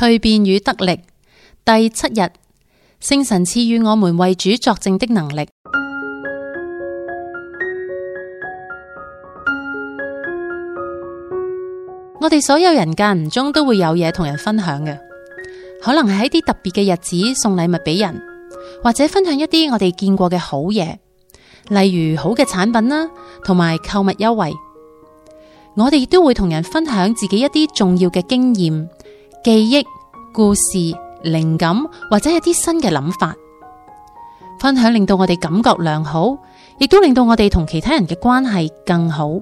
蛻變與得力，第七日，聖神賜予我們為主作證的能力。 我哋所有人間唔中都會有嘢同人分享嘅，可能係喺啲特別嘅日子送禮物俾人，或者分享一啲我哋見過嘅好嘢，例如好嘅產品啦，同埋購物優惠。我哋亦都會同人分享自己一啲重要嘅經驗。記憶、故事、靈感或者有一啲新嘅諗法，分享令到我哋感覺良好，亦都令到我哋同其他人嘅關係更好。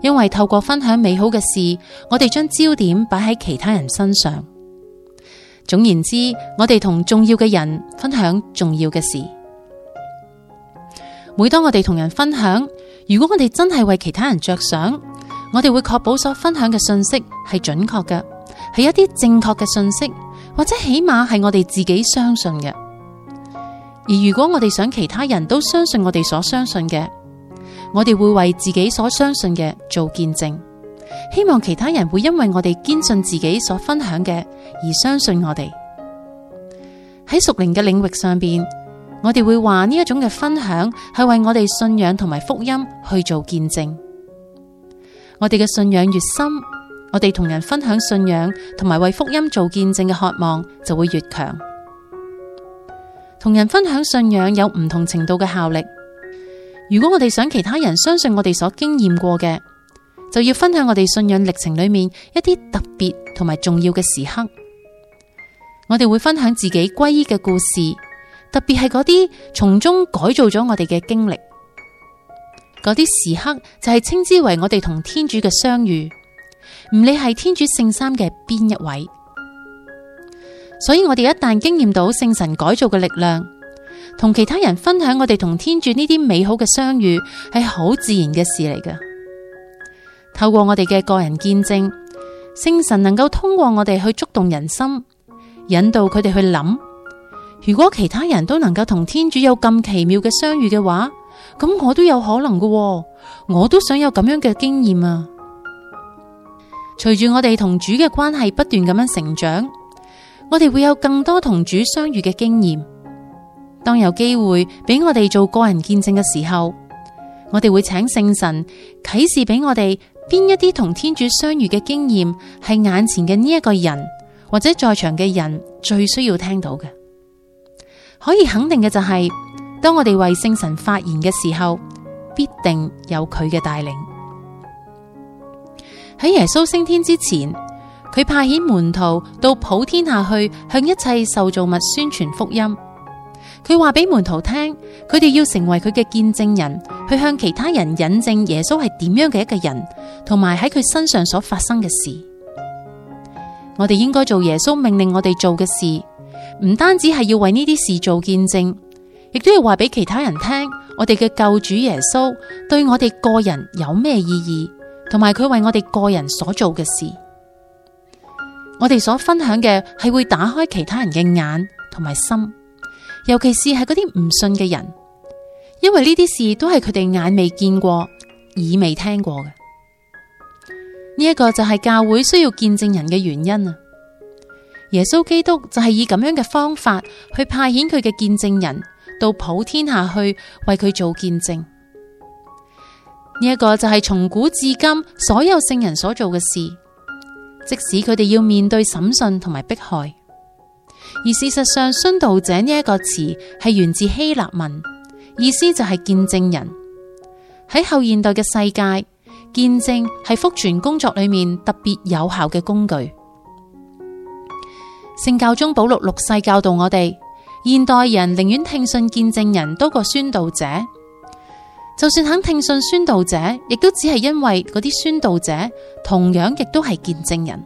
因為透過分享美好嘅事，我哋將焦點擺喺其他人身上。總言之，我哋同重要嘅人分享重要嘅事。每當我哋同人分享，如果我哋真係為其他人着想，我哋會確保所分享嘅訊息係準確嘅。係一啲正確嘅訊息，或者起碼係我哋自己相信嘅。而如果我哋想其他人都相信我哋所相信嘅，我哋會為自己所相信嘅做見證，希望其他人會因為我哋堅信自己所分享嘅而相信我哋。喺屬靈嘅領域上邊，我哋會話呢一種嘅分享係為我哋信仰同埋福音去做見證。我哋嘅信仰越深。我哋同人分享信仰，同埋為福音做見證嘅渴望就會越強。同人分享信仰有唔同程度嘅效力。如果我哋想其他人相信我哋所經驗過嘅，就要分享我哋信仰歷程裏面一啲特別同埋重要嘅時刻。我哋會分享自己皈依嘅故事，特別係嗰啲從中改造咗我哋嘅經歷。嗰啲時刻就係稱之為我哋同天主嘅相遇。唔理係天主聖三嘅邊一位，所以我哋一旦經驗到聖神改造嘅力量，同其他人分享我哋同天主呢啲美好嘅相遇，係好自然嘅事嚟嘅。透過我哋嘅個人見證，聖神能夠通過我哋去觸動人心，引導佢哋去諗。如果其他人都能夠同天主有咁奇妙嘅相遇嘅話，咁我都有可能嘅，我都想有咁樣嘅經驗啊！隨住我哋同主嘅關係不斷咁樣成長，我哋會有更多同主相遇嘅經驗。當有機會俾我哋做個人見證嘅時候，我哋會請聖神啟示俾我哋邊一啲同天主相遇嘅經驗係眼前嘅呢一個人或者在場嘅人最需要聽到嘅。可以肯定嘅就係，當我哋為聖神發言嘅時候，必定有佢嘅帶領。喺耶穌升天之前，佢派遣門徒到普天下去，向一切受造物宣傳福音。佢話俾門徒聽，佢哋要成為佢嘅見證人，去向其他人引證耶穌係點樣嘅一個人，同埋喺佢身上所發生嘅事。我哋應該做耶穌命令我哋做嘅事，唔單止係要為呢啲事做見證，亦都要話俾其他人聽，我哋嘅救主耶穌對我哋個人有咩意義。同埋佢為我哋個人所做嘅事，我哋所分享嘅係會打開其他人嘅眼同埋心，尤其是係嗰啲唔信嘅人，因為呢啲事都係佢哋眼未見過、耳未聽過嘅。呢一個就係教會需要見證人嘅原因啊！耶穌基督就係以咁樣嘅方法去派遣佢嘅見證人到普天下去為佢做見證。呢一個就係從古至今所有聖人所做嘅事，即使佢哋要面對審訊同埋迫害。而事實上，殉道者呢一個詞係源自希臘文，意思就係見證人。喺後現代嘅世界，見證係福傳工作裏面特別有效嘅工具。聖教宗保祿六世教導我哋，現代人寧願聽信見證人多過宣道者。就算肯聽信宣道者，亦都只係因為嗰啲宣道者同樣亦都係見證人。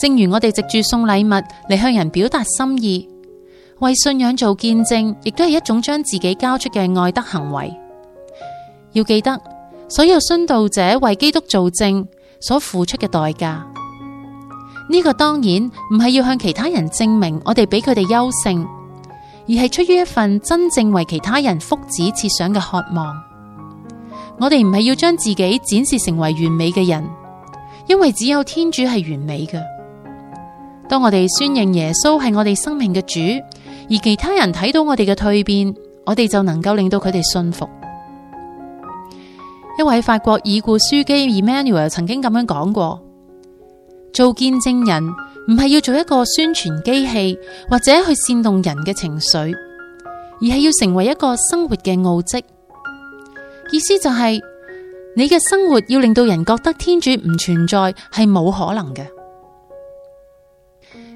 正如我哋藉住送禮物嚟向人表達心意，為信仰做見證，亦都係一種將自己交出嘅愛德行為。要記得，所有殉道者為基督作證所付出嘅代價，呢、這個當然唔係要向其他人證明我哋比佢哋優勝。而係出於一份真正為其他人福祉設想嘅渴望，我哋唔係要將自己展示成為完美嘅人，因為只有天主係完美嘅。當我哋宣認耶穌係我哋生命嘅主，而其他人睇到我哋嘅蛻變，我哋就能夠令到佢哋信服。一位法國已故樞機 Emmanuel 曾經咁樣講過：做見證人。唔係要做一個宣傳機器或者去煽動人嘅情緒，而係要成為一個生活嘅奧蹟。意思就係你嘅生活要令到人覺得天主唔存在係冇可能嘅。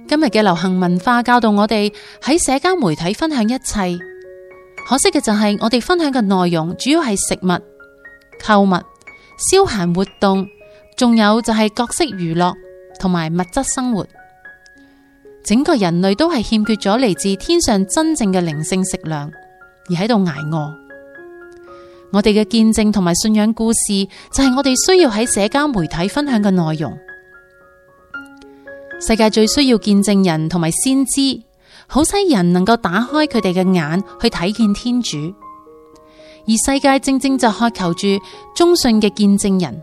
今日嘅流行文化教導我哋喺社交媒體分享一切，可惜嘅就係我哋分享嘅內容主要係食物、購物、消閒活動，仲有就係各式娛樂。同埋物質生活。整個人類都係欠缺咗嚟自天上真正嘅靈性食糧，而喺度捱餓。我哋嘅見證同埋信仰故事，就係我哋需要喺社交媒體分享嘅內容。世界最需要見證人同埋先知，好使人能夠打開佢哋嘅眼去睇見天主，而世界正正就渴求住忠信嘅見證人。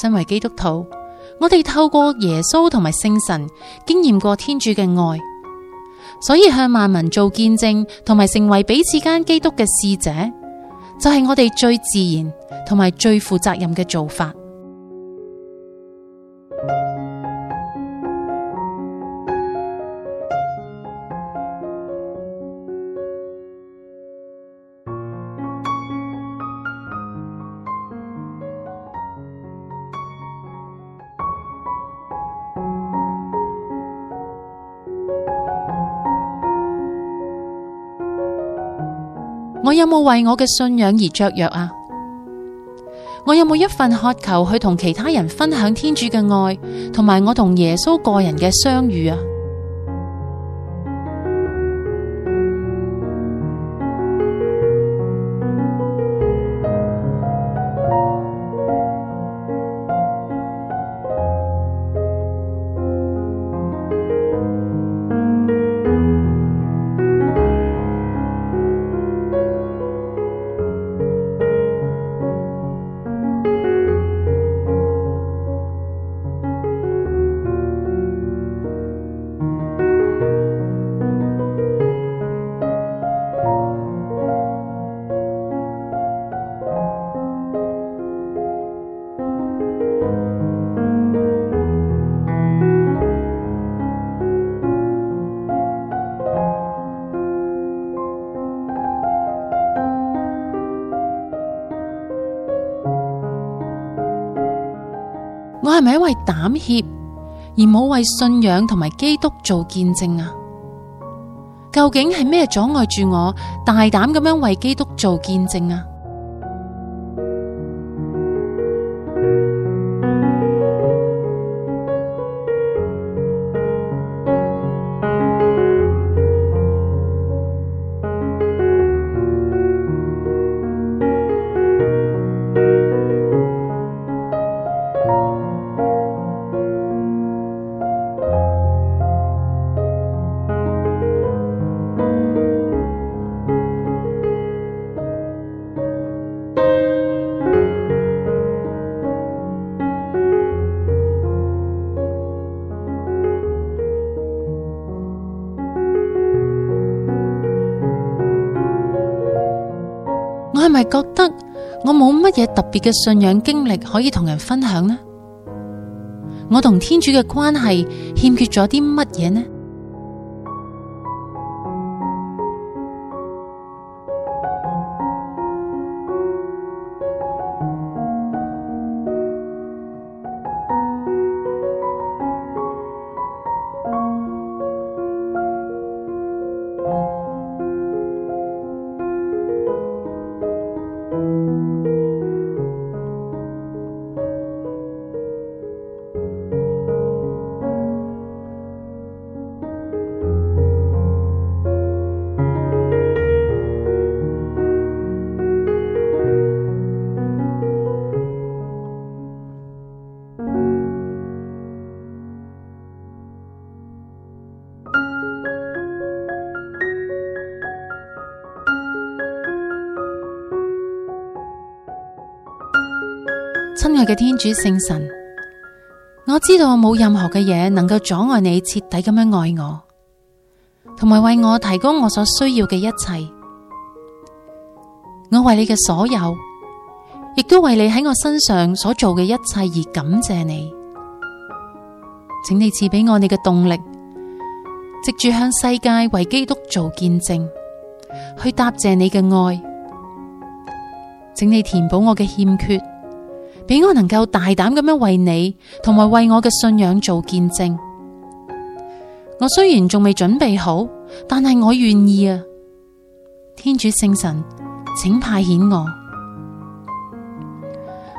身為基督徒，我哋透過耶穌同埋聖神經驗過天主嘅愛，所以向萬民做見證，同埋成為彼此間基督嘅使者，就係我哋最自然同埋最負責任嘅做法。我有冇為我嘅信仰而雀躍啊？我有冇一份渴求去同其他人分享天主嘅愛，同埋我同耶穌個人嘅相遇啊？我係咪因為膽怯而冇為信仰同埋基督做見證啊？究竟係咩阻礙住我大膽咁樣為基督做見證啊？乜嘢特別嘅信仰經歷可以同人分享呢？我同天主嘅關係欠缺咗啲乜嘢呢？親愛嘅天主聖神，我知道冇任何嘅嘢能夠阻礙你徹底咁樣愛我，同埋為我提供我所需要嘅一切。我為你嘅所有，亦都為你喺我身上所做嘅一切而感謝你。請你賜俾我你嘅動力，藉住向世界為基督做見證，去答謝你嘅愛。請你填補我嘅欠缺。俾我能夠大膽咁樣為你同埋為我嘅信仰做見證，我雖然仲未準備好，但係我願意啊！天主聖神，請派遣我，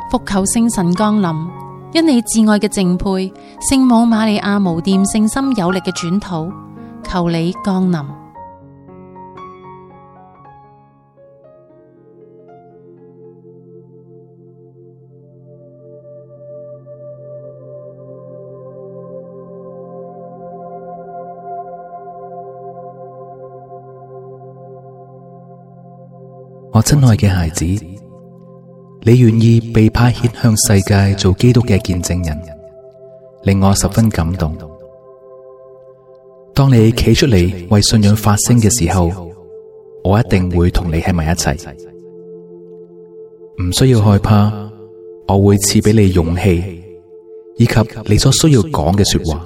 伏求聖神降臨，因你至愛嘅淨配，聖母瑪利亞無玷聖心有力嘅轉禱，求你降臨。我親愛嘅孩子，你願意被派遣向世界做基督嘅見證人，令我十分感動。當你企出嚟為信仰發聲嘅時候，我一定會同你喺埋一齊，唔需要害怕。我會賜俾你勇氣，以及你所需要講嘅說話。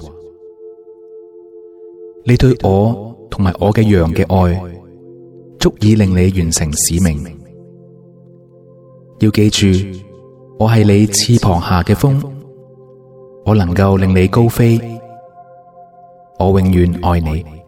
你對我同埋我嘅羊嘅愛。足以令你完成使命。要記住，我係你翅膀下嘅風，我能夠令你高飛。我永遠愛你。